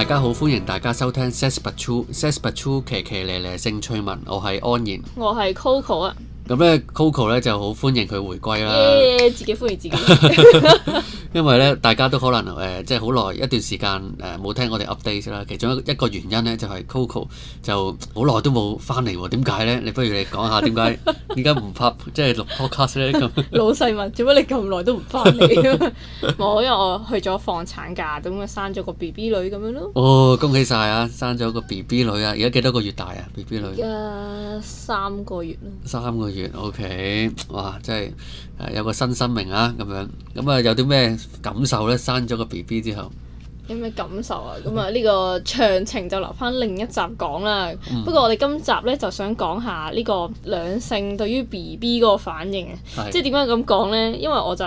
大家好，歡迎大家收聽《says but true》，says but true，騎騎咧咧性趣聞，我係安然，我係 Coco 啊，咁咧 Coco 咧就好歡迎佢回歸啦，自己歡迎自己。因為咧，大家都可能誒、呃，即係好耐一段時間誒，冇、呃、聽我哋 update 啦。其中一一個原因咧，就係、是、Coco 就好耐都冇翻嚟喎。點解咧？你不如你講下點解點解唔拍？即係錄 podcast 咧？ 老細問，做乜你咁耐都唔翻嚟？冇， 因為我去咗放產假，咁啊生咗個 BB 女咁樣咯。哦，恭喜晒啊！生咗個 BB 女啊！而家幾多個月大啊？BB 女？而家三個月啦。三個月，OK。哇！真係、呃、有個新生命啊！咁樣咁啊，嗯、有啲咩？感受咧，生咗個 BB 之後。有咩感受啊？咁啊呢個詳情就留翻另一集講啦。嗯、不過我哋今集咧就想講下呢個兩性對於 BB 嗰個反應、啊、的即係點解咁講呢？因為我就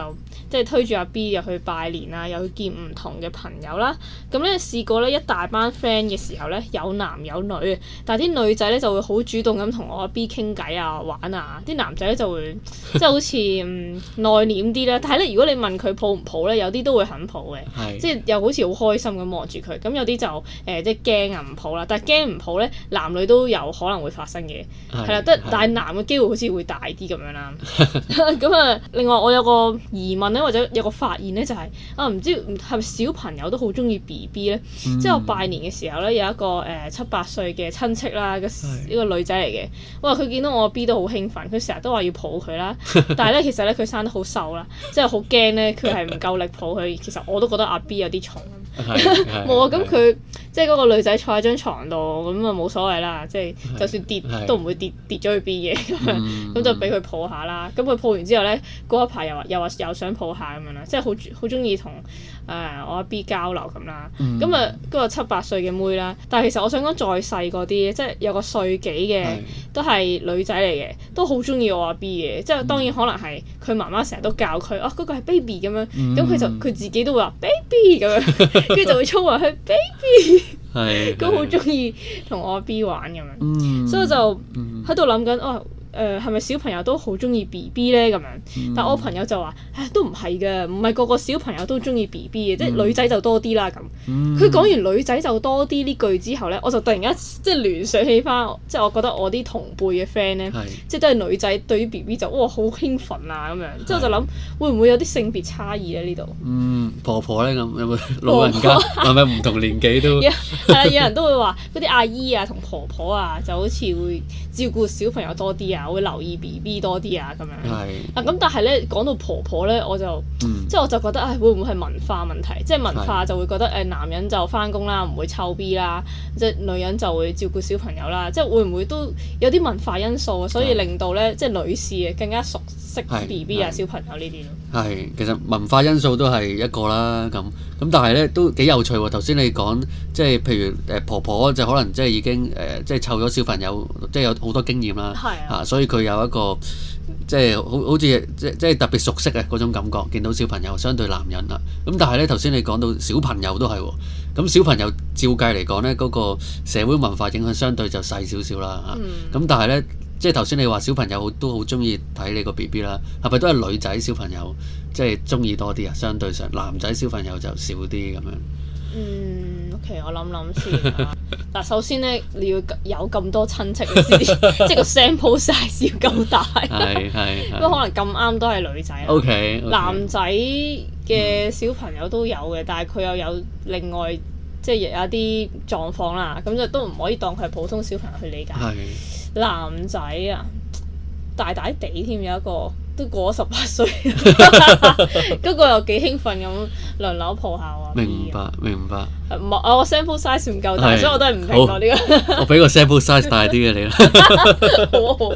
即係推住阿 B 入去拜年啊，又去見唔同嘅朋友啦、啊。咁、嗯、咧試過咧一大班 friend 嘅時候咧，有男有女。但係啲女仔咧就會好主動咁同我阿 B 傾偈啊、玩啊。啲男仔咧就會即係好似 內斂啲啦。但係咧如果你問佢抱唔抱咧，有啲都會肯抱嘅。即係又好似好開開心咁望住佢，咁有啲就誒、呃、即係驚啊唔抱啦，但係驚唔抱咧，男女都有可能會發生嘅，係啦的，的但係男嘅機會好似會大啲咁樣啦。咁啊， 另外我有個疑問咧，或者有個發現咧，就係、是、啊唔知係咪小朋友都好中意 B B 咧？嗯、即係我拜年嘅時候咧，有一個誒、呃、七八歲嘅親戚啦，一個呢的個女仔嚟嘅，哇！佢見到我 B 都好興奮，佢成日都話要抱佢啦，但係咧其實咧佢生得好瘦啦，即係好驚咧，佢係唔夠力抱佢。其實我都覺得阿 B 有啲重。冇啊！咁佢 即係嗰個女仔坐喺張床度，咁啊冇所謂啦！即係就算跌都唔會跌跌咗去邊嘢。咁 樣， 咁就俾佢抱下啦。咁佢抱完之後咧，嗰一排又話又話又想抱下咁樣啦，即係好好中意同誒、uh, 我阿 B 交流咁啦，咁啊嗰個七八歲嘅妹啦，但係其實我想講再細嗰啲，即係有個歲幾嘅都係女仔嚟嘅，都好中意我阿 B 嘅，即係當然可能係佢媽媽成日都教佢哦，嗰、嗰個係 baby 咁樣，咁佢、嗯、就佢自己都會話 baby 咁樣，跟住、嗯、 就會沖埋去 baby，係，咁好中意同我阿 B 玩咁樣，的嗯、所以我就喺度諗緊哦！」誒係咪小朋友都好中意 BB 咧咁樣？嗯、但係我朋友就話，誒都唔係嘅，唔係個個小朋友都中意 BB 嘅，嗯、即係女仔就多啲啦咁。佢講、嗯、完女仔就多啲呢句之後咧，我就突然間即係聯想起翻，即係我覺得我啲同輩嘅 friend 咧，是即係都係女仔對 BB 就哇好興奮啊咁樣。之後是就諗會唔會有啲性別差異咧呢度？嗯，婆婆咧咁有冇老人家係咪唔同年紀都係啊？ 有人都會話嗰啲阿姨啊、同婆婆啊，就好似會照顧小朋友多啲啊。會留意 B B 多啲啊，咁樣。係是。啊，咁但係咧，講到婆婆咧，我就，即係、嗯、我就覺得，唉、哎，會唔會係文化問題？即係文化就會覺得，誒是、呃，男人就返工啦，唔會抽 B 啦，即係女人就會照顧小朋友啦。即係會唔會都有啲文化因素啊？所以令到咧，是即係女士啊，更加熟悉 B B 啊，是小朋友呢啲咯。係，其實文化因素都係一個啦，咁。咁但係咧，都幾有趣喎！頭先你講，即係譬如誒婆婆就可能即係已經誒即係湊咗小朋友，即係有好多經驗啦，嚇、啊，所以佢有一個即係好好似即係即係特別熟悉嘅嗰種感覺。見到小朋友，相對男人啦，咁但係咧，頭先你講到小朋友都係喎，咁小朋友照計嚟講咧，嗰個社會文化影響相對就細少少啦，嚇、嗯，咁但係咧。即係頭先你話小朋友都好中意睇你個 B B 啦，係咪都係女仔小朋友即係中意多啲啊？相對上男仔小朋友就少啲咁樣。嗯，OK，我諗諗先。嗱， 首先咧你要有咁多親戚，即 個 sample size 要夠大。係係。， 不過 可能咁啱都係女仔。OK, okay。男仔嘅小朋友都有嘅，嗯、但係佢又有另外即係、就是、有啲狀況啦，咁就都唔可以當佢係普通小朋友去理解。 係。男仔啊，大大地添，有一個都過咗十八歲，不 過又幾興奮咁兩樓抱下，啊！ 明白明白，唔係、啊、我 sample size 唔夠大，是所以我都係唔評我呢個。我俾個 sample size 大啲嘅你啦， 好好。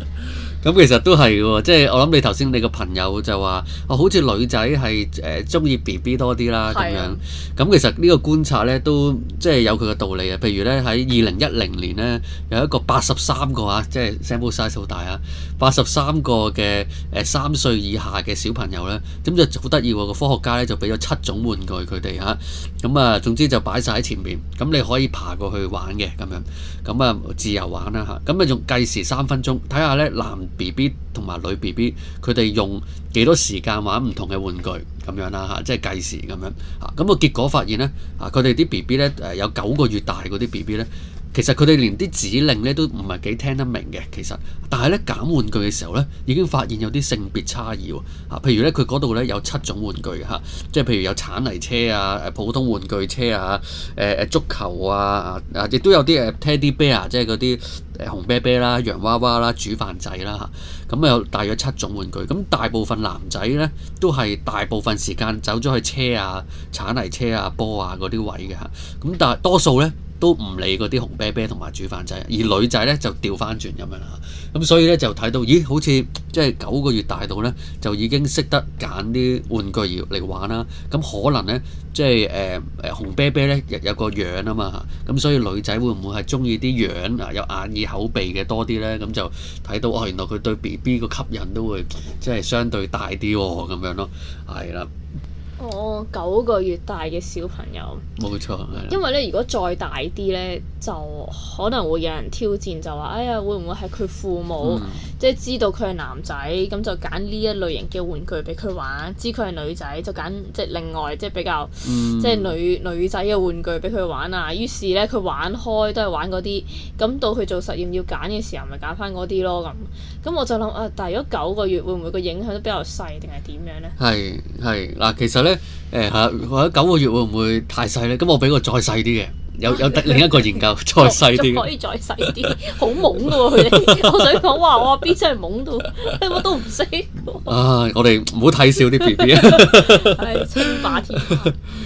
咁其實都係喎，即係我諗你頭先你個朋友就話，哦，好似女仔係誒中意 B B 多啲啦咁的樣。咁其實呢個觀察呢都即係有佢嘅道理啊。譬如呢，喺二零一零年呢，有一個八十三個嚇、啊，即係 sample size 好大啊。八十三個嘅誒三歲以下嘅小朋友呢，咁就好得意喎！個科學家呢，就俾咗七種玩具佢哋嚇，咁啊總之就擺晒喺前面，咁你可以爬過去玩嘅咁樣，咁啊自由玩啦嚇，咁啊用計時三分鐘，睇下呢男 B B 同埋女 B B 佢哋用幾多時間玩唔同嘅玩具咁樣啦嚇、啊，即係計時咁樣嚇，咁、啊、個結果發現呢，啊，佢哋啲 B B 呢，誒有九個月大嗰啲 B B 呢。其實佢哋連啲指令咧都唔係幾聽得明嘅，其實。但係咧揀玩具嘅時候咧，已經發現有啲性別差異喎、啊。譬如咧佢嗰度咧有七種玩具嚇，即、啊、係譬如有剷泥車啊，啊、普通玩具車啊、誒、啊、足球啊、啊亦都有啲誒 teddy bear，、啊、即係嗰啲誒熊啤啤啦、洋娃娃啦、煮飯仔啦嚇。咁啊，啊有大約七種玩具，咁、啊、大部分男仔咧都係大部分時間走咗去車啊、剷泥車啊、波啊嗰啲位嘅嚇。咁、啊、但係多數咧。都唔理嗰啲紅啤啤同埋煮飯仔，而女仔呢就調翻轉咁樣啦。咁所以呢，就睇到，咦？好似即係九個月大到呢，就已經識得揀啲玩具嚟玩啦。咁可能呢，即係誒誒紅啤啤呢又有個樣啊嘛。咁所以女仔會唔會係中意啲樣啊？有眼耳口鼻嘅多啲呢？咁就睇到哦，原來佢對 BB 個吸引都會即係相對大啲喎、哦，咁樣咯。係啦。哦，九個月大嘅小朋友，冇錯。因為咧，如果再大啲咧，就可能會有人挑戰，就話：哎呀，會唔會係佢父母、嗯、即係知道佢係男仔，咁就揀呢一類型嘅玩具俾佢玩；知佢係女仔，就揀即係另外即係比較、嗯、即係女女仔嘅玩具俾佢玩啊。於是咧，佢玩開都係玩嗰啲，咁到佢做實驗要揀嘅時候，咪揀翻嗰啲咯咁。咁我就諗啊，但係如果九個月，會唔會個影響都比較細，定係點樣咧？係係嗱，其實。誒嚇、呃，或者九個月會唔會太細咧？咁我俾個再細啲嘅。 有，有另一個研究再細啲，可以 再細啲，好懵嘅喎佢哋，我想講話我阿 B 真係懵到我都唔識。 啊，我哋唔好睇笑啲 B B 啊，清 白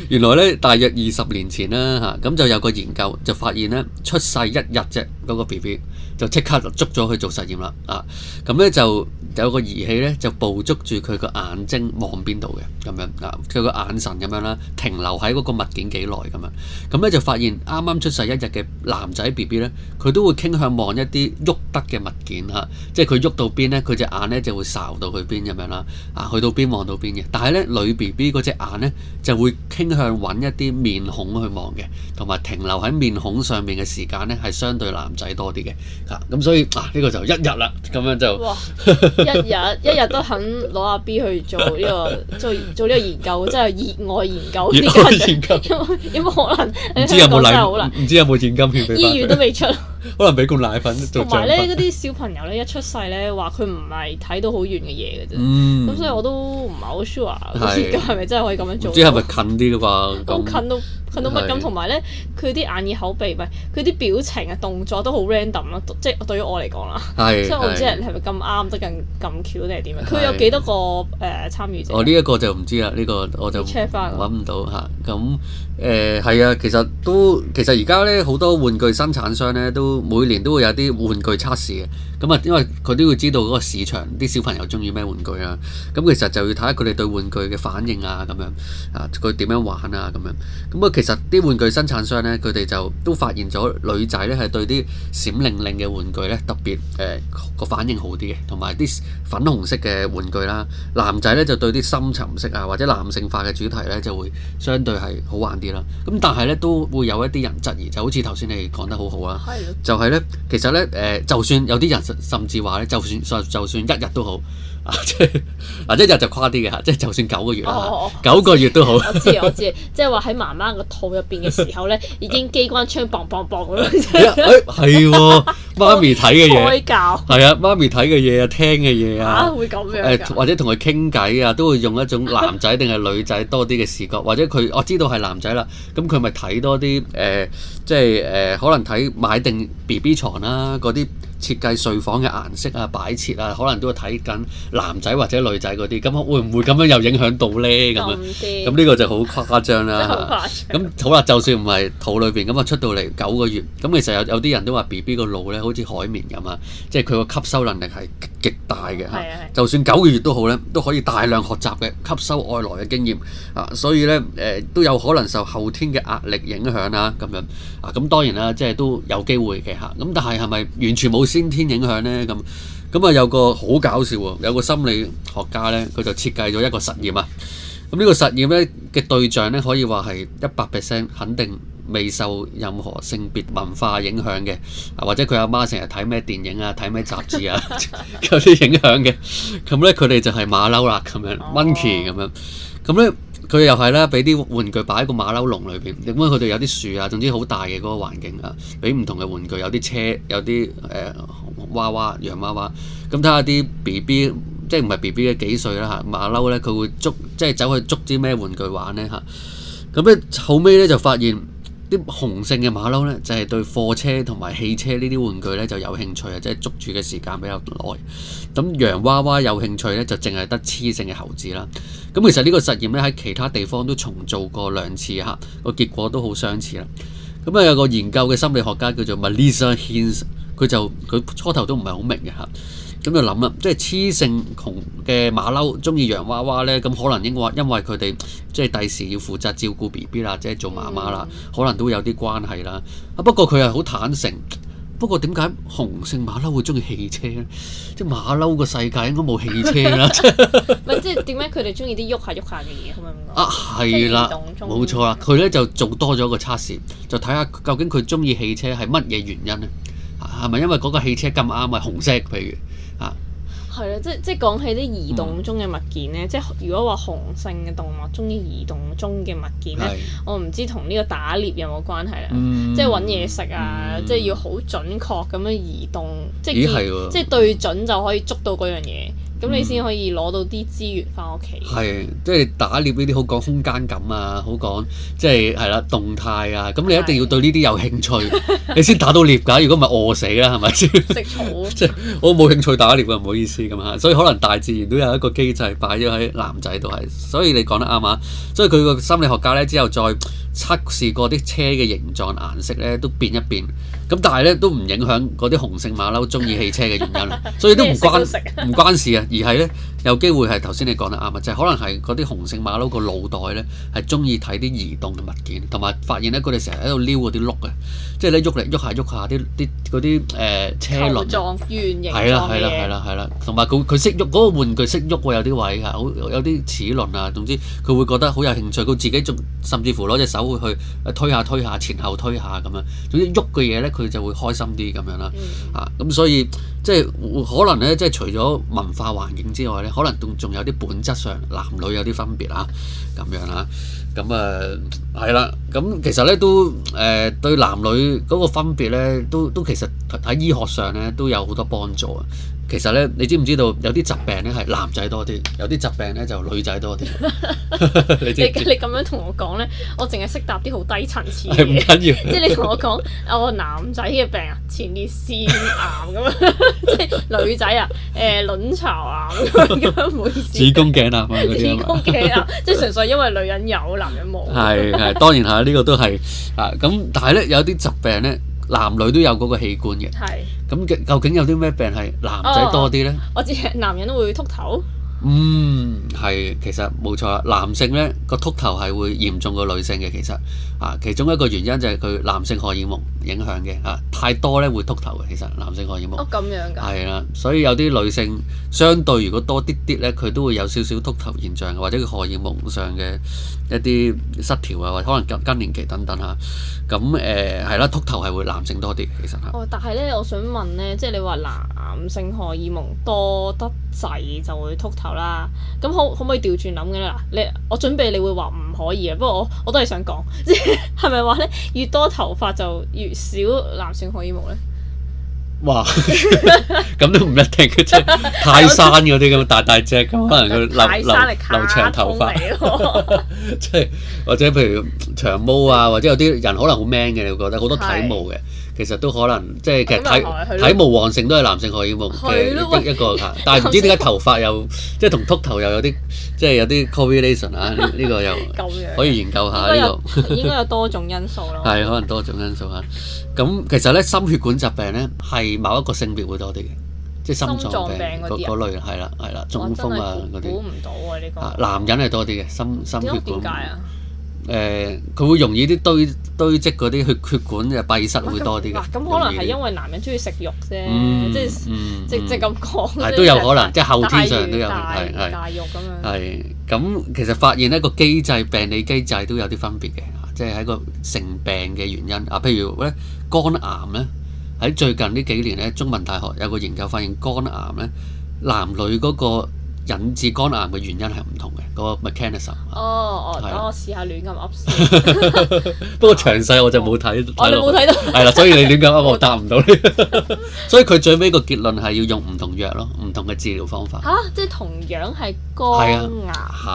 原來咧，大約二十年前啦嚇，咁就有個研究就發現咧，出世一日啫，嗰、那個 B B 就即刻捉咗去做實驗啦。啊，咁咧就有個儀器咧就捕捉住佢個眼睛望邊度嘅，咁樣啊，佢個眼神咁樣啦，停留喺嗰個物件幾耐咁樣，咁咧就發現。啱啱出世一日嘅男仔 B B 咧，佢都會傾向望一啲喐得嘅物件嚇、啊，即係佢喐到邊咧，佢隻眼咧就會睄到去邊咁樣啦。啊，去到邊望到邊嘅。但係咧，女 B B 嗰隻眼咧就會傾向揾一啲面孔去望嘅，同埋停留喺面孔上面嘅時間咧係相對男仔多啲嘅。嚇、啊，咁所以啊，呢、這個就一日啦，咁樣就一日一日都肯攞阿 B 去做呢、這個 做做呢個研究，即係熱愛研究啲嘅。有冇 可能知有冇？知有冇？真係好難，唔知有冇現金券。醫院都未出， 可能俾罐奶粉做呢。同埋咧，啲小朋友咧，一出世咧，話佢唔係睇到好遠嘅嘢嘅啫。咁、嗯、所以我都唔係好 sure 依家係咪真係可以咁樣做是是？即係咪近啲嘅嘛？好近都。佢咁，同埋咧，佢啲眼耳口鼻，唔係佢啲表情啊動作都好 random 咯，即係對於我嚟講啦。係是，即係我唔知人係咪咁啱得咁咁巧定係點啊？佢是有幾多個誒是、呃、參與者？我呢一個就唔知啦，呢、呢個我就揾唔到嚇。咁誒係啊、嗯呃，其實都其實而家咧好多玩具生產商咧都每年都會有啲玩具測試嘅。咁啊，因為佢都要知道嗰個市場啲小朋友中意咩玩具啊。咁其實就要睇下佢哋對玩具嘅反應啊，咁樣啊，佢點樣玩啊，咁樣咁啊。其實啲玩具生產商呢，佢哋就都發現咗女仔呢係對啲閃靈靈嘅玩具呢特別誒個反應好啲嘅，同埋啲粉紅色嘅玩具啦，男仔呢就對啲深沉色啊或者男性化嘅主題呢就會相對係好玩啲啦。咁但係呢，都會有一啲人質疑，就好似頭先你講得好好啊，就係、是、呢，其實呢，誒、呃，就算有啲人甚至話呢，就算就算，就算一日都好。 即係嗱，一日就誇啲嘅吓，即係就算九個月，哦、九個月都好我 我。我知我知，即係話喺媽媽個肚入邊嘅時候咧， 已經機關槍 bang bang bang 咁樣。係、 哎，喎，媽咪睇嘅嘢。胎教係啊，媽咪睇嘅嘢啊，聽嘅嘢啊，會咁樣、啊。誒，或者同佢傾偈啊，都會用一種男仔定係女仔多啲嘅視覺，或者佢我知道係男仔啦，咁佢咪睇多啲誒、呃，即係誒、呃，可能睇買定 B B 床啦嗰啲。設計睡房嘅顏色啊、擺設啊，可能都會睇緊男仔或者女仔嗰啲，咁會唔會咁樣又影響到呢？咁樣咁呢不個就好誇張啦！咁好啦， 就算唔係肚裏邊，咁啊出到嚟九個月，咁其實有有啲人都話 B B 個腦咧，好似海綿咁啊，即係佢個吸收能力係極大嘅嚇。係啊係啊，就算九個月都好咧，都可以大量學習嘅吸收外來嘅經驗啊，所以咧誒、呃、都有可能受後天嘅壓力影響啦咁樣啊，咁當然啦，即係都有機會嘅嚇。咁但係係咪完全冇？先天影響呢，咁，咁啊有個好搞笑喎，有個心理學家呢，佢就設計咗一個實驗啊。咁呢個實驗呢，嘅對象呢，可以話係一百 percent 肯定未受任何性別文化影響嘅，或者佢阿媽成日睇咩電影啊，睇咩雜誌啊， 有啲影響嘅。咁呢，佢哋就係馬騮啦，咁樣 monkey 咁樣，咁呢、哦。佢又係咧，俾啲玩具擺喺個馬騮籠裏邊，咁樣佢哋有啲樹啊，總之好大嘅嗰個環境啊，俾唔同嘅玩具，有啲車，有啲誒、呃、娃娃、洋娃娃。咁睇下啲 B B，即係唔係 B B 嘅幾歲啦嚇？馬騮咧，佢會捉，即係走去捉啲咩玩具玩呢？嚇、啊。咁咧後尾咧就發現啲雄性嘅馬騮咧，就係、是、對貨車同埋汽車呢啲玩具咧就有興趣，即係捉住嘅時間比較耐。咁洋娃娃有興趣咧，就淨係得雌性嘅猴子啦。咁其實呢個實驗咧喺其他地方都重做過兩次嚇，個結果都好相似啦。咁啊有個研究嘅心理學家叫做 Melissa Hines，佢就佢初頭都唔係好明嘅嚇。咁就諗啦，即係雌性窮嘅馬騮鍾意洋娃娃咧，咁可能應該因為因為佢哋即係第時要負責照顧 B B 啦，即係做媽媽啦，嗯嗯可能都有啲關係啦。啊不過佢係好坦誠。不過點解紅色馬騮會中意汽車咧？即係馬騮個世界應該冇汽車、 啊、啦。唔即係點解佢哋中意啲喐下喐下嘅嘢咁樣啊？係 啦，冇錯啦。佢咧就做多咗個測試， 就睇下究竟佢中意汽車係乜嘢原因咧？係咪因為嗰個汽車咁啱啊？紅色，譬如啊。係啦，即即講起啲移動中嘅物件咧，嗯、即如果話雄性嘅動物中意移動中嘅物件咧，是我唔知同呢個打獵有冇關係啦，嗯、即揾嘢食啊，嗯、即要好準確咁樣移動，即咦即，即對準就可以捉到嗰樣嘢。咁、嗯、你先可以攞到啲資源返屋企。係，即係打獵呢啲好講空間感啊，好講即係係啦動態啊。咁你一定要對呢啲有興趣，的你先打到獵㗎、啊。如果唔係餓死啦、啊，係咪先？即係草 我冇興趣打獵㗎，唔好意思咁啊。所以可能大自然都有一個機制擺咗喺男仔度係。所以你講得啱啊。所以佢個心理學家咧之後再測試過啲車嘅形狀、顏色咧都變一變。咁但係咧都唔影響嗰啲雄性馬騮中意汽車嘅原因。 所以都唔關唔 關事啊。而係咧。有機會係頭先你講得啱啊，就係、是、可能係嗰啲雄性馬騮個腦袋咧，係中意睇啲移動嘅物件，同埋發現咧佢哋成日喺度撩嗰啲轆啊，即係咧喐嚟喐下喐下啲啲嗰啲誒車輪狀，圓形狀，係啦係啦係啦係啦，同埋佢佢識喐嗰個玩具識喐喎，有啲位㗎，有啲齒輪啊，總之佢會覺得好有興趣，佢自己仲甚至乎攞隻手會去推下推下，前後推下咁樣，總之喐嘅嘢咧佢就會開心啲咁樣啦，嗯、啊咁、嗯、所以即係可能咧即係除咗文化環境之外咧。可能仲仲有啲本質上男女有啲分別啊，咁樣啦。咁啊，係啦，咁其實咧都誒對男女嗰個分別咧，都都其實喺醫學上咧都有好多幫助。其實咧，你知唔知道有啲疾病咧係男仔多啲，有啲疾病咧就女仔多啲？你你咁樣同我講咧，我淨係識答啲好低層次嘅，唔緊要。即係你同我講，我男仔嘅病啊，前列腺癌咁樣，即係女仔啊，誒卵巢癌咁樣，唔好意思，子宮頸癌、子宮頸癌，即係純粹因為女人有。男人冇， 係係當然係呢、啊這個都係啊咁，但係咧有啲疾病咧，男女都有嗰個器官嘅，係咁是、嗯、究竟有啲咩病係男仔多啲咧、哦？我知男人都會禿頭。嗯，係，其實冇錯啦。男性咧個禿頭係會嚴重過女性嘅，其實啊，其中一個原因就係佢男性荷爾蒙影響嘅啊，太多咧會禿頭嘅。其實男性荷爾蒙哦咁樣㗎、啊，係啦，所以有啲女性相對如果多啲啲咧，佢都會有少少禿頭現象，或者荷爾蒙上嘅一啲失調啊，或者可能更更年期等等嚇。咁誒係啦，禿、啊啊、頭係會男性多啲其實嚇。哦，但係咧，我想問咧，即係你話男性荷爾蒙多得滯就會禿頭。啦，咁可可唔可以調轉諗嘅咧？嗱，你我準備你會話唔可以啊，不過我我都係想講，即係咪話咧，越多頭髮就越少男性荷爾蒙咧？哇，咁都唔一定嘅，即係 泰山嗰啲咁大大隻咁，可能佢留留長頭髮，即係 或者譬如長毛啊， 或者有啲人可能好 man 嘅，你會覺得好多體毛嘅。其實都可能，即係其實體體毛旺盛都係男性荷爾蒙嘅一個，但係唔知點解頭髮又即係同禿頭又有啲即係有啲 correlation 啊？呢呢個又可以研究下呢個。應該有多種因素咯。係可能多種因素嚇。咁其實咧，心血管疾病咧係某一個性別會多啲嘅，即係心臟病，嗰嗰類係啦係啦中風啊嗰啲。我真係估唔到啊！呢個男人係多啲嘅心心血管。點解啊？誒，佢會容易啲堆堆積嗰啲血血管嘅閉塞會多啲嘅。咁可能係因為男人中意食肉啫，即即即咁講。係都有可能，即後天上都有。係係大肉咁樣。係咁，其實發現呢個機制病理機制都有啲分別嘅，即喺個成病嘅原因啊。譬如咧肝癌咧，喺最近呢幾年咧，中文大學有個研究發現肝癌咧，男女嗰個。引致肝癌嘅原因係唔同嘅，個 mechanism。哦哦，等我試下亂咁噏。不過詳細我就冇睇。我哋冇睇到。係啦，所以你亂咁噏，我答唔到你。所以佢最尾個結論係要用唔同藥咯，唔同嘅治療方法。嚇！即係同樣係肝癌，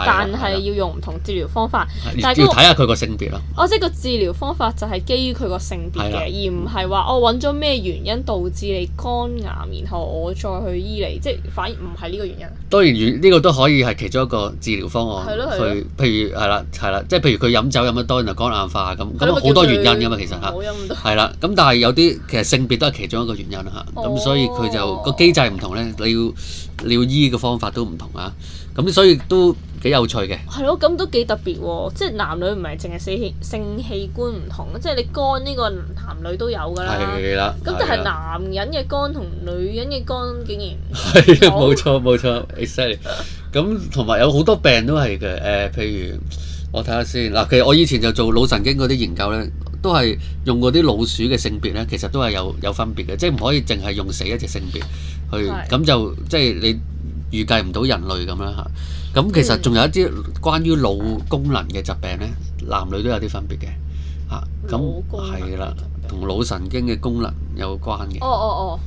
但係要用唔同治療方法。但係要睇下佢個性別咯。哦，即係個治療方法就係基於佢個性別嘅，而唔係話我揾咗咩原因導致你肝癌，然後我再去醫你，即係反而唔係呢個原因。當然。呢個都可以係其中一個治療方案，去譬如係啦，係啦，即係譬如佢飲酒飲得多，然後肝硬化咁，咁好多原因㗎嘛，其實吓，係啦，咁但係有啲其實性別都係其中一個原因吓，咁、哦、所以佢就個機制唔同咧，你要你要醫嘅方法都唔同啊，咁所以都。幾有趣嘅，係咯，咁都幾特別，即係男女唔係淨係死性性器官唔同，即係你肝呢個男，男女都有噶啦，係啦的，咁但係男人嘅肝同女人嘅肝竟然係，冇錯冇錯，exactly，咁同埋有好多病都係嘅，誒、呃，譬如我睇下先嗱，其實我以前就做腦神經嗰啲研究咧，都係用嗰啲老鼠嘅性別咧，其實都係有有分別嘅，即係唔可以淨係用死一隻性別去，咁的就即係你。預計唔到人類咁啦嚇，咁、嗯嗯、其實仲有一啲關於腦功能嘅疾病咧，男女都有啲分別嘅嚇，咁係啦，同、嗯、腦、啊、神經嘅功能有關嘅。哦哦哦，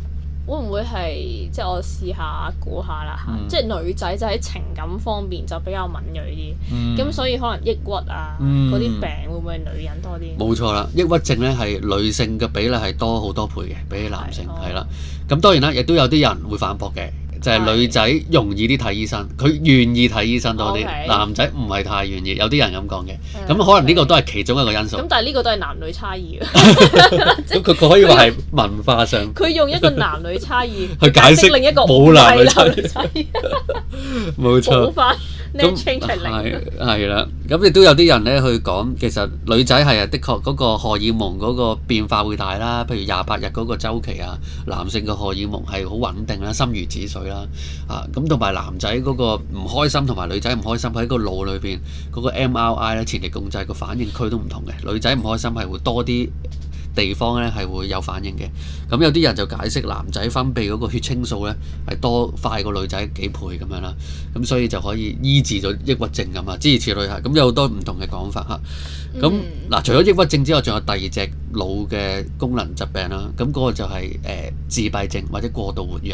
會唔會係即係我試，試下估下啦嚇？啊嗯、即係女仔就喺情感方面就比較敏鋭啲，咁、嗯、所以可能抑鬱啊嗰啲、嗯、病會唔會女人多啲？冇錯啦，抑鬱症咧係女性嘅比例係多好多倍嘅，比起男性係啦。咁當然啦，亦都有啲人會反駁嘅。就係女仔容易啲睇醫生，佢願意睇醫生多啲。Okay. 男仔唔係太願意，有啲人咁講嘅。咁 Okay. 可能呢個都係其中一個因素。咁但係呢個都係男女差異啊。佢 佢 可以話係文化上。佢用一個男女差異去 解釋另一個冇男女差異。冇 錯。咁係係啦，咁亦那 都有啲人咧去講，其實女仔係啊，的確嗰個荷爾蒙嗰個變化會大啦，譬如廿八日嗰個週期啊，男性嘅荷爾蒙係好穩定啦，心如止水啦，啊，咁同埋男仔嗰個唔開心同埋女仔唔開心喺個腦裏邊嗰個 MRI 咧，前額共濟個反應區都唔同嘅，女仔唔開心係會多啲。地方咧係會有反應嘅，咁有啲人就解釋男仔分泌嗰個血清素咧係多快過女仔幾倍咁樣啦，咁所以就可以醫治咗抑鬱症咁啊，支持類，咁有好多唔同嘅講法嚇。咁嗱，嗯、除咗抑鬱症之外，仲有第二隻。腦嘅功能疾病啦，咁、那、嗰個就係、是、誒、呃、自閉症或者過度活躍、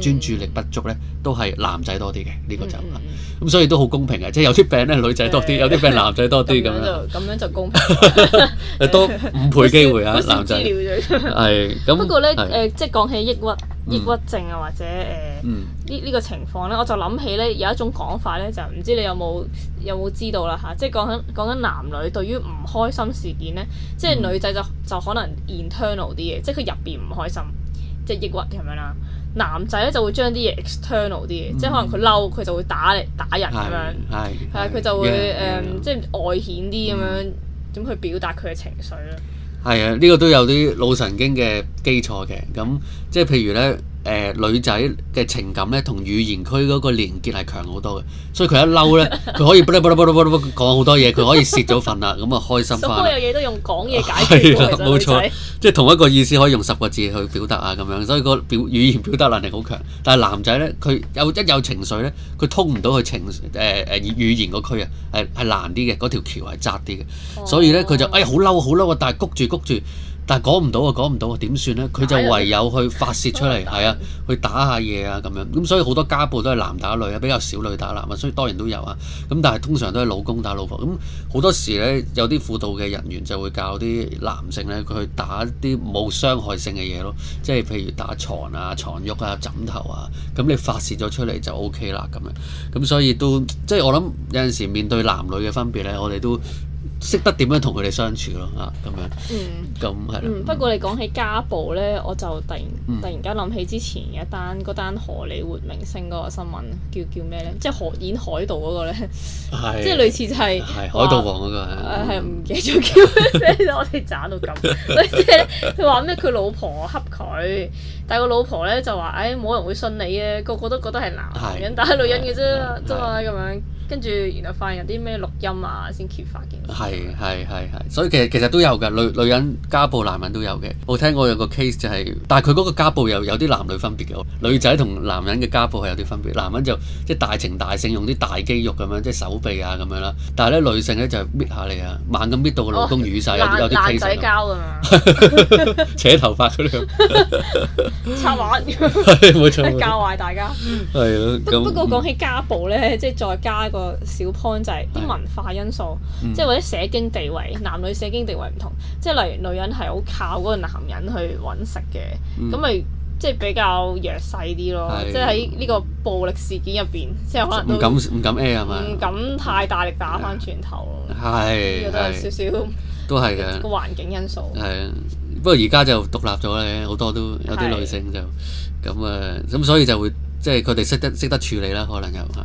專、嗯、注力不足咧，都係男仔多啲嘅，呢、這個就咁、嗯啊嗯，所以都好公平嘅，即係有啲病咧女仔多啲，嗯、有啲病男仔多啲咁、嗯嗯、樣，咁樣就公平， 多五倍機會啊， 男仔係咁。 不過咧，誒是、呃，即係講起抑鬱。抑鬱症啊，或者誒呢呢個情況咧，我就諗起咧有一種講法咧，就唔知你有冇有冇知道啦嚇、啊，即係講緊講緊男女對於唔開心事件咧，即係女仔就就可能 internal 啲嘢，即係佢入邊唔開心，即係抑鬱咁樣啦。男仔咧就會將啲嘢 external 啲嘢，嗯、即係可能佢嬲佢就會打嚟打人咁樣，係啊佢就會誒 yeah, yeah,、嗯、即係外顯啲咁樣，點、嗯、去表達佢嘅情緒啦。係啊，呢個都有啲腦神經嘅基礎嘅，咁即係譬如咧。誒，女仔嘅情感咧，同語言區嗰個連結係強好多嘅，所以佢一嬲咧，佢可以卜啦卜啦卜講好多嘢，佢可以泄咗憤啦，咁啊開心翻。所有嘢都用講嘢解決。係啦，冇錯，即係同一個意思可以用十個字去表達啊，咁樣，所以個表語言表達能力好強。但係男仔咧，佢有一有情緒咧，佢通唔到佢情誒誒語言個區啊，係係難啲嘅，嗰條橋係窄啲嘅，所以咧佢就哎好嬲好嬲啊，但係谷住谷住。但係講唔到啊，講唔到啊，點算呢？佢就唯有去發泄出嚟，係 啊，去打下嘢啊咁樣。咁所以好多家暴都係男打女啊，比較少女打男啊，所以當然都有啊。咁但係通常都係老公打老婆。咁好多時呢，有啲輔導嘅人員就會教啲男性呢，佢去打啲冇傷害性嘅嘢咯，即係譬如打床啊、床褥啊、枕頭啊，咁你發泄咗出嚟就 OK 啦咁樣。咁所以都即係我諗有陣時面對男女嘅分別呢，我哋都～識得點樣同佢哋相處咯，啊咁樣，咁係咯。不過你講起家暴咧，我就突然突然間諗起之前一單嗰單荷里活明星嗰個新聞，叫叫咩咧？即係何演海盜嗰個咧，即係類似就係海盜王嗰個。誒，係唔記得咗叫咩？我哋渣到咁，即係佢話咩？佢老婆恰佢，但係個老婆咧就話，誒，冇人會信你嘅，個個都覺得係男人打女人嘅啫，啫嘛咁樣。跟住，然後發現有啲咩錄音啊，先揭發嘅。係係係係，所以其實其實都有嘅，女女人家暴男人都有嘅。我聽過有個 case 就係、是，但係佢嗰個家暴又有啲男女分別嘅。女仔同男人嘅家暴係有啲分別，男人就即係大情大性，用啲大肌肉咁樣，即係手臂啊咁樣啦。但係咧女性咧就搣下你啊，猛咁搣到個老公瘀晒、哦，有啲有啲膠咁樣扯頭髮嗰啲，插話冇錯，教壞大家係。不過講起家暴咧、嗯，即係再加個小 point 就係啲文化因素，即、嗯、係或者社經地位，男女社經地位唔同，即係例如女人係好靠嗰個男人去搵食嘅，咁咪即係比較弱勢啲咯。是即係喺呢個暴力事件入邊，是即係可能都唔敢唔敢嗌吖嘛，唔敢太大力打返轉頭咯，係，有少少都係嘅個環境因素係啊。不過而家就獨立咗咧，好多都有啲女性就咁啊，咁是所以就會即係佢哋識得識得處理啦，可能又嚇。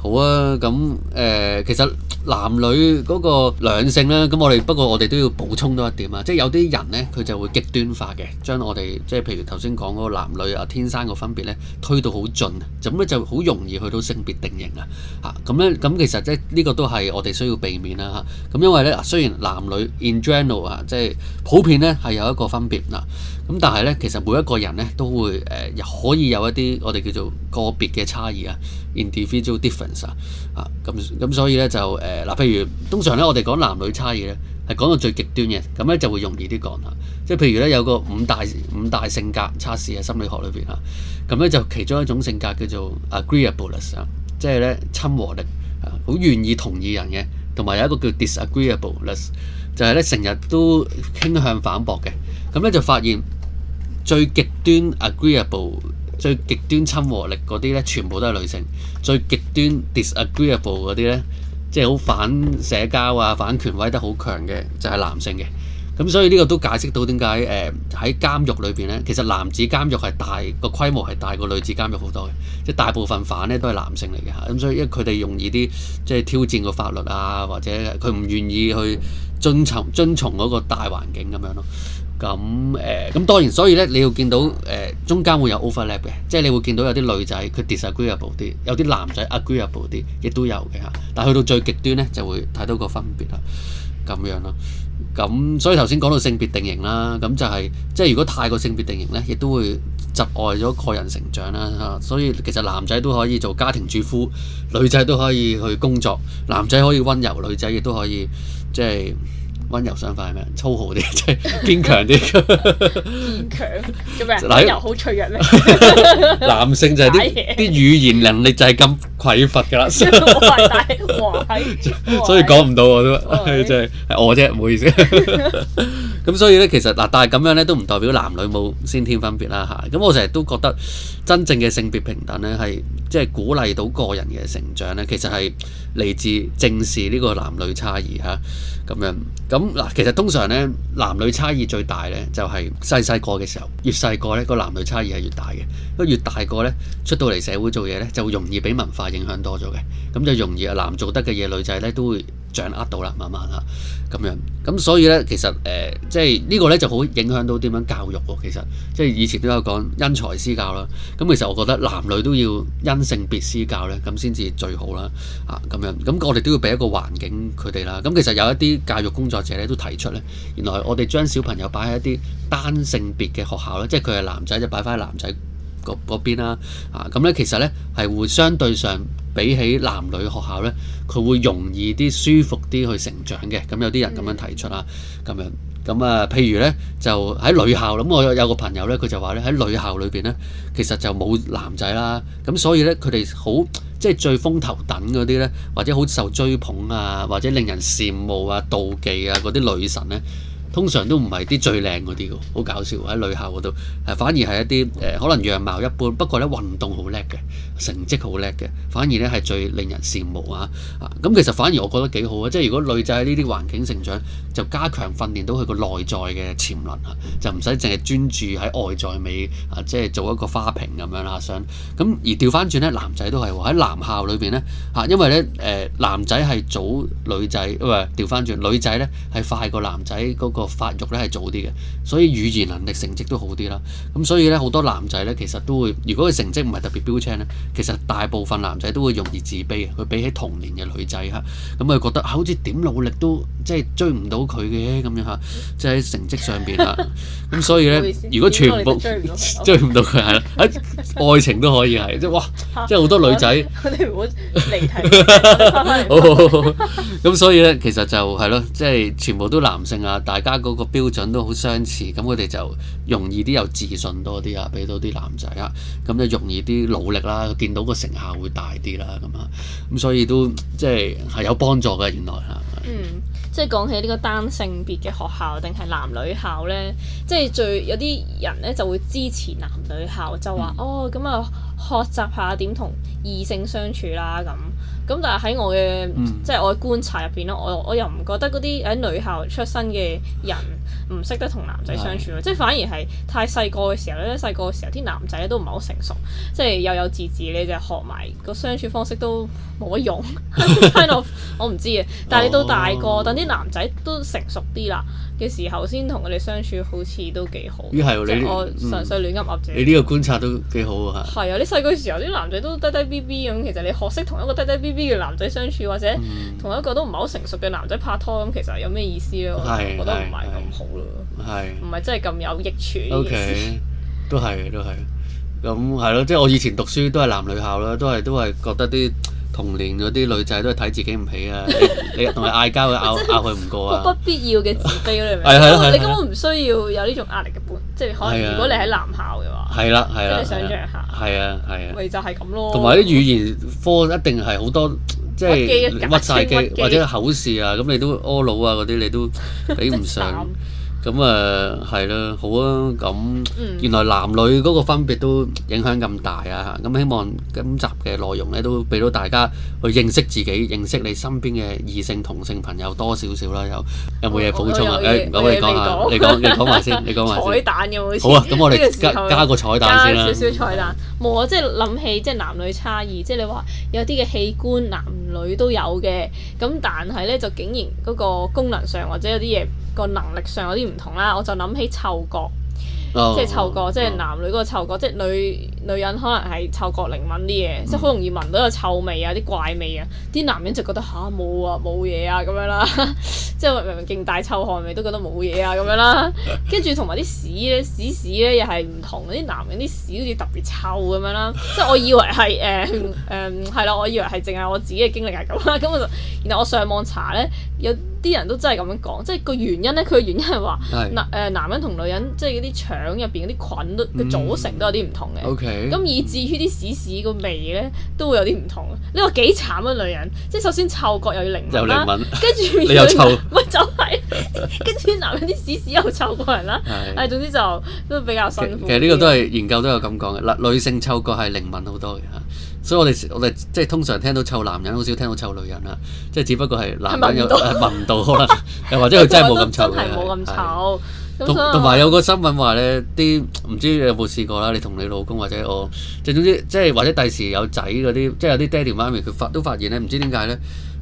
好啊，咁誒、呃，其實男女嗰個兩性咧，咁我哋不過我哋都要補充多一點啊，即係有啲人呢，佢就會極端化嘅，將我哋即係譬如頭先講嗰個男女啊天生個分別呢，推到好盡，咁呢就好容易去到性別定型啊，嚇咁呢，咁其實即係呢、呢個都係我哋需要避免啦嚇，咁、啊、因為呢，雖然男女 in general 啊，即係普遍呢係有一個分別嗱。啊。咁但係咧，其實每一個人咧都會誒，可以有一啲我哋叫做個別嘅差異啊，individual difference 啊，咁咁所以咧就誒嗱、啊，譬如通常咧我哋講男女差異咧係講到最極端嘅，咁咧就會容易啲講下，即係譬如咧有個五大五大性格測試喺心理學裏邊啊，咁咧就其中一種性格叫做 agreeableness，啊，即係咧親和力啊，好願意同意人嘅，同埋有一個叫 disagreeableness，就係咧成日都傾向反駁嘅，咁、啊、咧就發現。最極端 agreeable、最極端親和力嗰啲呢，全部都係女性；最極端 disagreeable 嗰啲呢，即係好反社交啊、反權威得好強嘅，就係男性嘅。咁所以呢個都解釋到點解誒喺監獄裏邊呢，其實男子監獄係大個規模係大過女子監獄好多嘅，即係大部分犯呢都係男性嚟嘅嚇。咁所以因為佢哋容易啲即係挑戰個法律啊，或者佢唔願意去遵從遵從嗰個大環境咁樣咯。咁誒，咁、嗯嗯、當然，所以咧，你會見到誒、嗯、中間會有 overlap 嘅，即係你會見到有啲女仔佢 disagreeable 啲，有啲男仔 agreeable 啲，亦都有嘅嚇。但係去到最極端咧，就會睇到個分別啦，咁樣咯。咁、嗯嗯、所以頭先講到性別定型啦，咁就係、是、即係如果太過性別定型咧，亦都會窒礙咗個人成長啦嚇、嗯。所以其實男仔都可以做家庭主夫，女仔都可以去工作，男仔可以温柔，女仔亦都可以即係。温柔相反係咩？粗豪啲，即、就、係、是、堅強啲。堅強叫咩？温柔好脆弱咧。男性就係啲野語言能力就係咁匱乏㗎喇。 所以講唔到我都係真係我啫，唔好意思。 咁所以咧，其實嗱，但係咁樣咧都唔代表男女冇先天分別啦吓，咁我成日都覺得，真正嘅性別平等咧，係即係鼓勵到個人嘅成長咧，其實係嚟自正視呢個男女差異吓，咁樣。咁嗱，其實通常咧，男女差異最大咧，就係細細個嘅時候，越細個咧個男女差異係越大嘅，不過越大個咧出到嚟社會做嘢咧，就會容易俾文化影響多咗嘅，咁就容易啊男做得嘅嘢，女仔咧都會。掌握到啦，慢慢啦咁樣，咁所以呢，其實誒、呃，即係呢、這個呢就好影響到點樣教育喎。其實即係以前都有講因材施教啦。咁、嗯、其實我覺得男女都要因性別施教呢，咁先至最好啦。啊，咁樣，咁、嗯、我哋都要俾一個環境佢哋啦。咁、嗯、其實有一啲教育工作者呢都提出呢，原來我哋將小朋友擺喺一啲單性別嘅學校咧，即係佢係男仔就擺翻喺男仔嗰邊啦。啊，咁、嗯、咧其實呢係會相對上。比起男女學校呢，佢會容易啲、舒服啲去成長嘅。咁有啲人咁樣提出啦，咁樣咁啊，譬如呢，就喺女校。咁我有個朋友呢，佢就話咧喺女校裏邊呢，其實就冇男仔啦。咁所以呢，佢哋好即係最風頭等嗰啲呢，或者好受追捧啊，或者令人羨慕啊、妒忌啊嗰啲女神呢。通常都唔係啲最靚嗰啲㗎，好搞笑喺女校嗰度，係反而係一啲誒可能樣貌一般，不過咧運動好叻嘅，成績好叻嘅，反而咧係最令人羨慕啊！啊，咁其實反而我覺得幾好啊，即係、mm, 如果女仔呢啲環境成長就加強訓練到佢個內在嘅潛能啊，就唔使淨係專注喺外在美啊，即係做一個花瓶咁樣啦想。咁而調翻轉咧，男仔都係喎，喺男校裏邊咧吓，因為咧誒男仔係早女仔，唔係調翻轉女仔咧係快過男仔嗰個發育咧係早啲嘅，所以語言能力成績都好啲啦。咁所以咧好多男仔咧，其實都會，如果佢成績唔係特別標青咧，其實大部分男仔都會容易自卑。佢比起同年嘅女仔嚇，咁佢覺得好似點努力都即係追唔到佢嘅咁樣嚇，即係喺成績上邊嚇。咁所以咧，如果全部， 果全部全追唔到佢係，喺、okay. 愛情都可以係，即係哇，即係好多女仔。我哋唔好離題。咁、 哦、所以咧，其實就係、是、咯，即係、就是、全部都男性啊，大家。嗰個標準都好相似，咁佢哋就容易啲有自信多啲啊，俾到啲男仔啦、啊，咁就容易啲努力啦，見到個成效會大啲啦，咁啊，咁所以都即係係有幫助嘅，原來係。嗯，係即係講起呢個單性別嘅學校定係男女校咧，即係最有啲人咧就會支持男女校，就話、嗯、哦咁啊，學習下點同異性相處啦咁。咁但係喺我嘅、嗯、即係我嘅觀察入邊咯，我我又唔覺得嗰啲喺女校出身嘅人唔識得同男仔相處的即係反而係太細個嘅時候咧，細個嘅時候啲男仔都唔係好成熟，即係幼幼稚稚。你就學埋、嗰個相處方式都冇乜用。 我唔知啊，但係你到大個，等啲、 哦、男仔都成熟啲啦嘅時候，先同佢哋相處好似都幾好。亦係你我純粹亂噏噏啫。說你呢個觀察都幾好啊！係啊，你細個嘅時候啲男仔都低低 B B 咁，其實你學識同一個低低 B B。B 嘅男仔相處，或者、嗯、同一個都唔係好成熟嘅男仔拍拖，咁其實有咩意思咧？是我覺得唔係咁好咯，唔係真係咁有益處。是 Okay，都係嘅，都係。咁係咯，即係我以前讀書都係男女校啦，都係都係覺得啲。同年嗰啲女仔都係睇自己唔起啊！你同佢嗌交，佢拗拗佢唔過啊！ 不必要嘅自卑咧，係係咯， 啊、你根本唔需要有呢種壓力嘅本， 即係可能如果你喺男校嘅話，係啦係啦，想象下係啊係啊，咪、 啊啊、就係咁咯。同埋啲語言科一定係好多，即係屈晒機記或者口試啊，咁 你都屙老啊嗰啲，你都比唔上。 咁誒係咯，好啊！咁原來男女嗰個分別都影響咁大啊！咁希望今集嘅內容咧，都俾到大家去認識自己，認識你身邊嘅異性同性朋友多少少啦！有有冇嘢補充啊？誒唔該你講下，你講你講埋先，你講埋彩蛋嘅好似好啊！咁我哋加加個彩蛋先啦。加少少彩蛋冇啊！即係諗起即係男女差異，即係你話有啲嘅器官男女都有嘅，咁但係咧就竟然嗰個功能上或者有啲嘢個能力上有啲唔。唔同啦，我就諗起嗅覺，即係嗅覺，即係男女嗰個嗅覺，oh, oh, oh, oh. 即係女女人可能係嗅覺靈敏啲嘢，mm. 即係好容易聞到有臭味啊，啲怪味啊，啲男人就覺得吓冇啊冇嘢啊咁樣啦，即係明明勁大臭汗味都覺得冇嘢啊咁樣啦，跟住同埋啲屎咧屎屎咧又係唔同，啲男人啲屎好似特別臭咁樣啦，即係我以為係誒誒係啦，我以為係淨係我自己嘅經歷係咁啦，咁我就然後我上網查咧有。啲人都真係咁樣講，即係個原因咧，佢嘅原因係話是、呃，男誒男人同女人即係嗰啲腸入邊嗰啲菌都嘅、嗯、組成都有啲唔同嘅。咁 Okay, 以至於啲屎屎個味咧都會有啲唔同。你話幾慘啊，女人！即係首先嗅覺又要靈敏啦、啊，跟住你又臭，咪就係、是。跟住 男人啲屎屎又臭過人啦、啊。係， 總之就都比較辛苦。其實呢個都係研究都有咁講嘅。嗱，女性嗅覺係靈敏好多嘅嚇。所以我哋我哋即係通常聽到臭男人，好少聽到臭女人啦。即係只不過係男人有聞唔到啦，又 或者佢真係冇咁臭嘅。冇咁 臭。同埋的有個新聞話咧，啲唔知你有冇試過啦？你同你老公或者我，即係總之即係或者第時有仔嗰啲，即係有啲爹哋媽咪，佢發都發現咧，唔知點解咧，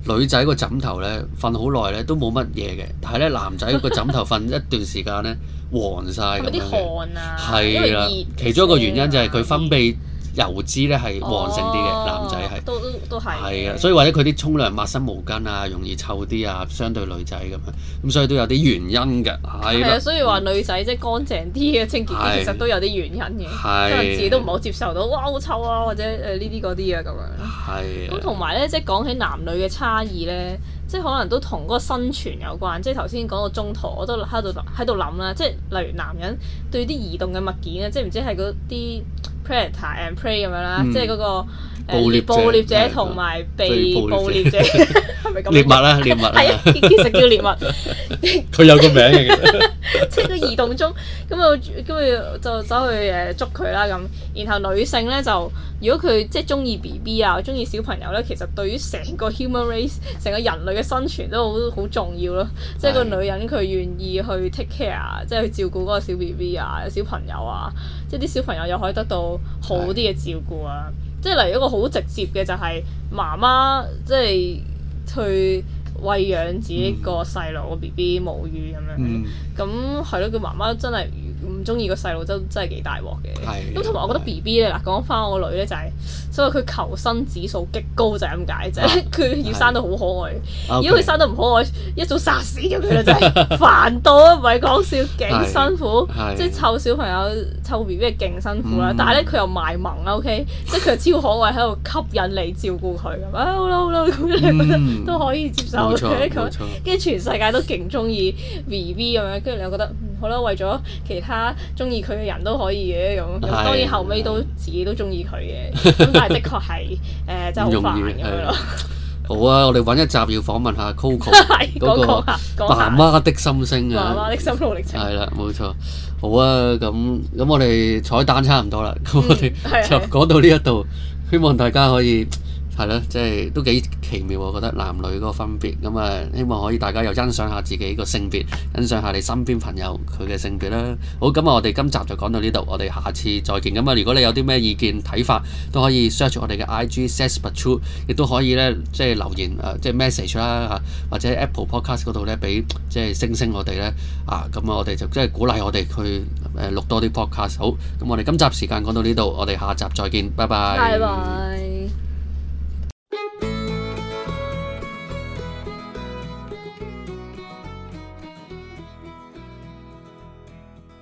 女仔個枕頭咧瞓好耐咧都冇乜嘢嘅，但係咧男仔個枕頭瞓一段時間咧 黃晒。嗰啲汗啊，因為熱， 其中一個原因就係佢分泌。油脂咧係旺盛啲嘅，哦、男仔係，都都都係，係啊，所以或者佢啲沖涼抹身毛巾啊，容易臭啲啊，相對女仔咁樣，咁所以都有啲原因嘅，係啊，嗯、所以話女仔即係乾淨啲嘅，清潔啲，的其實都有啲原因嘅，的可能自己都唔好接受到，哇，好臭啊，或者誒呢啲嗰啲啊咁樣，係的，咁同埋咧，即係講起男女嘅差異咧，即係可能都同嗰個生存有關，即係頭先講到中途，我都喺度喺度諗啦，即係例如男人對啲移動嘅物件咧，即係唔知係嗰啲。Predator and prey 咁樣啦，即係嗰個捕獵者同埋被捕獵者係咪咁？獵物啦，獵物係啊，其實叫獵物。佢 有個名嘅， 即係佢移動中咁啊，咁啊就走去誒捉佢啦咁。然後女性咧就，如果佢即係中意 B B 啊，中意小朋友咧，其實對於成個 human race，成個人類嘅生存都好好重要咯。即係的個女人佢願意去 take care，即係去照顧嗰個小 B B 啊，啊，小朋友啊，即係啲小、啊、小朋友又可以得到。好啲嘅照顧啊，是的 即係例如一個好直接嘅就係媽媽，即係去喂養自己個細路個 B B 母乳咁樣，咁係咯，佢媽媽真係。唔中意個細路真真係幾大鑊嘅，咁同埋我覺得 BB 咧嗱，講翻我女咧就係，所以佢求生指數極高就係咁解啫，佢要生得好可愛。如果佢生得唔可愛，一早殺死咗佢啦，真係煩到啊！唔係講笑，勁辛苦，即係湊小朋友湊 BB 係勁辛苦啦。但係咧佢又賣萌，OK，即係佢超可愛喺度吸引你照顧佢。啊好啦好啦，咁你覺得都可以接受佢，跟住全世界都勁中意 BB 咁樣，跟住你又覺得。好啦，為咗其他中意佢嘅人都可以嘅咁，當然後尾都自己都中意佢嘅，咁 但係的確係誒、呃、真係好煩嘅 好啊，我哋揾一集要訪問下 Coco 嗰 的、嗰個媽媽的心聲啊，媽媽的心路歷程係啦，冇錯。好啊，咁咁我哋彩蛋差唔多啦，咁我哋就講到呢一度，的希望大家可以。係咯，即係都幾奇妙，我覺得男女嗰個分別咁啊、嗯，希望可以大家又欣賞下自己個性別，欣賞下你身邊朋友佢嘅性別啦。好咁啊，我哋今集就講到呢度，我哋下次再見。咁、嗯、啊，如果你有啲咩意見睇法，都可以 search 我哋嘅 I G sex but true，亦都可以咧，即係留言啊、呃，即係 message 啦、啊，或者 Apple Podcast 嗰度咧，俾即係星星我哋咧啊。咁啊，我哋就即係鼓勵我哋去誒錄多啲 Podcast。好咁，我哋今集時間講到呢度，我哋下集再見，拜拜。拜拜。